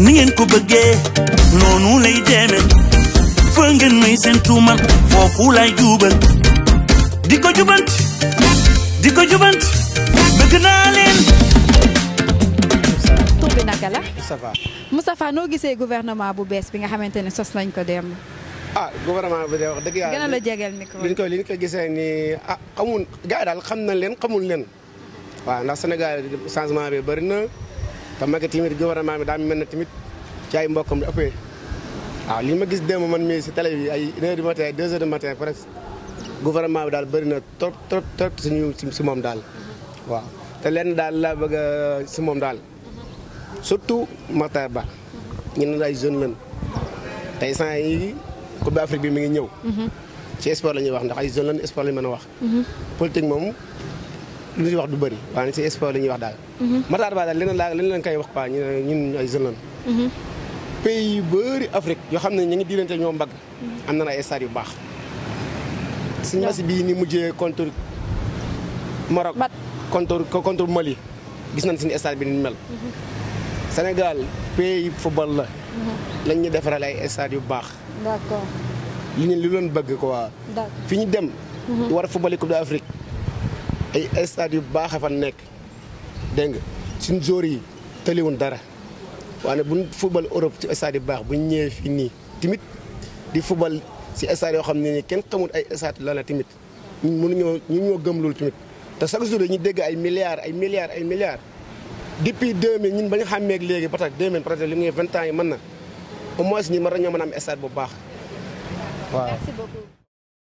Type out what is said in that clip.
ni ngeen ko bëggee noonu lay deeme fa ngeen may seen tuumal foofu lay jubal di ko jubant di ko jubant bëgg naa leen tur bi naka la Moustapha noo gisee gouvernement bu bees bi nga xamante ne sos nañ ko dem ah gouvernement bi de wax dëgg yàlla gën a la jegeel micro liñ ko liñ ko gisee nii ah xamul gars yi daal xam na leen xamul leen waaw ndax Sénégal changement bi bëri na te Macky tamit gouvernement bi daa mel ne tamit ci ay mbokkam la ëppee waaw li ma gis démb man mii si télé bi ay une heure du matin ay deux heures du matin presque gouvernement bi daal bëri na trop trop trop suñu si moom daal waaw te len daal laa bëgg si moom daal surtout Matar Ba ñu ne ay jeunes lañ tey sant yi Coupe d'Afrique bi mi ngi ñëw. Mhm. ci sport la ñuy wax ndax ay jeunes lañ sport la mën a wax. Mhm. politique moom. lu ñuy wax du bëri waaye ci espoir la wax dal ma mhm. Matar Ba dal leneen la leneen lañ koy wax quoi ñu ñun ay zone mhm. pays beuri Afrique yo xamne ñi ngi diirante ñoo mbagg mhm. am na ay star yu bax suñ match bi ni mujjé contre Maroc contre contre Mali gis nañ suñu star bi ni mel senegal pays football la lañ ñu defaral ay star yu bax d'accord ñi ñu leen bëgg quoi fiñu dem war a Coupe d'Afrique ay stade yu baax a fa nekk dégg nga suñ joor yi tëliwun dara waane buñ football Europe ci stade yu baax bu buñ ñëwee fii nii tamit di football si stade yoo xam ne nii kenn xamul ay stade la la tamit ñun mënuñoo ñun ñoo gëm loolu tamit te chaque jour ñu dégg ay milliards ay milliards ay milliards depuis 2000 ñun ba ñu xàmmee ak léegi ba tax 2000 peut-être li muy 20 ans yi mën na au moins ñun war nañoo am stade bu baax